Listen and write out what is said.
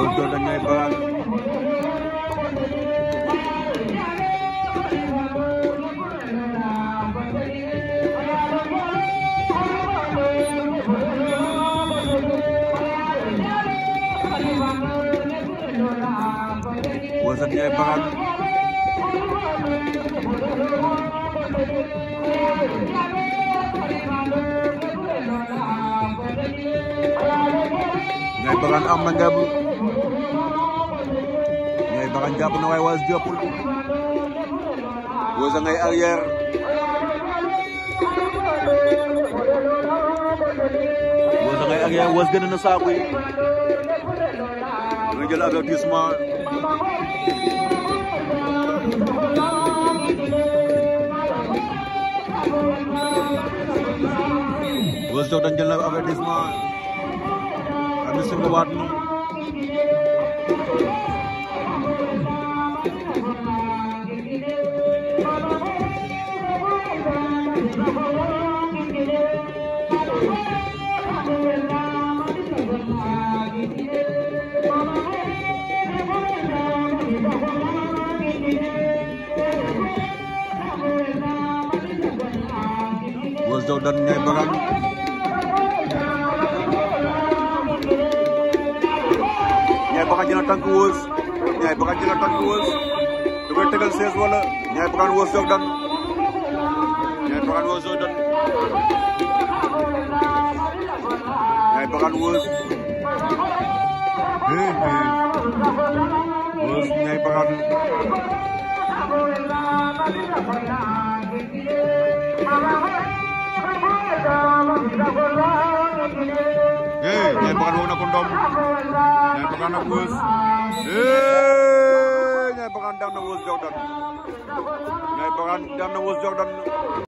Guntur dan Nyai Perang Bagane am na ngemb Ñooy Bagane jàpp na waaye Waas jàppul Weuz a ngay arrière ngay arrière Weuz gën na saaku yi nga jël avertissement Weuz toog dañ arbitre sifflé waat na Weuz Daw dan Ndiaye Barane tànk wóos ñaay bagaan jëla tànk wóos da koy tegal sees wala ñaay bagaan wóos soog dan ñaay bagaan wóos soog dan ñaay bagaan wóos wóos ñaay bagaan ñaay bagaan woo na ko ndoom Bagane ak Weuz Niay Bagane daan na Weuz Jordan